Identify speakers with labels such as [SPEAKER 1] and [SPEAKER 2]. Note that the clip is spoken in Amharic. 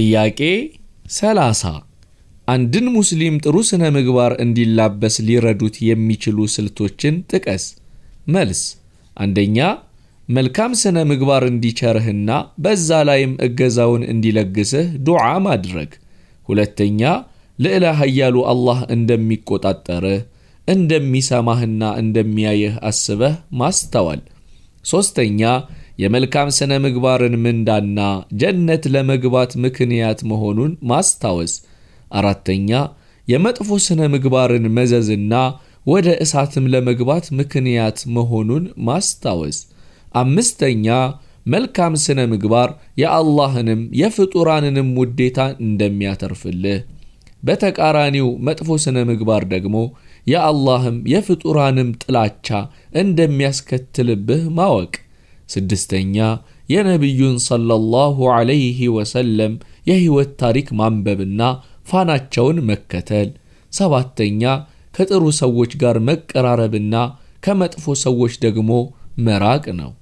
[SPEAKER 1] ጥያቄ 30 አንድን ሙስሊም ጥሩ ስነ ምግባር እንዲላበስ ሊረዱት የሚችሉ ስልቶችን ጥቀስ። መልስ፣ አንደኛ መልካም ስነ ምግባር እንዲቸርህና በዛ ላይም እገዛውን እንዲለግስህ ዱዓ ማድረግ። ሁለተኛ ልዕለ ኃያሉ አላህ እንደሚቆጣጠርህ፣ እንደሚሰማህና እንደሚያየህ አስበህ ማስተዋል። ሦስተኛ የመልካም ሥነ ምግባርን ምንዳና ጀነት ለመግባት ምክንያት መሆኑን ማስታወስ። አራተኛ የመጥፎ ሥነ ምግባርን መዘዝና ወደ እሳትም ለመግባት ምክንያት መሆኑን ማስታወስ። አምስተኛ መልካም ሥነ ምግባር የአላህንም የፍጡራንንም ውዴታ እንደሚያተርፍልህ፣ በተቃራኒው መጥፎ ሥነ ምግባር ደግሞ የአላህም የፍጡራንም ጥላቻ እንደሚያስከትልብህ ማወቅ ስድስተኛ የነቢዩን ሰለላሁ ዐለይሂ ወሰለም የሕይወት ታሪክ ማንበብና ፋናቸውን መከተል። ሰባተኛ ከጥሩ ሰዎች ጋር መቀራረብና ከመጥፎ ሰዎች ደግሞ መራቅ ነው።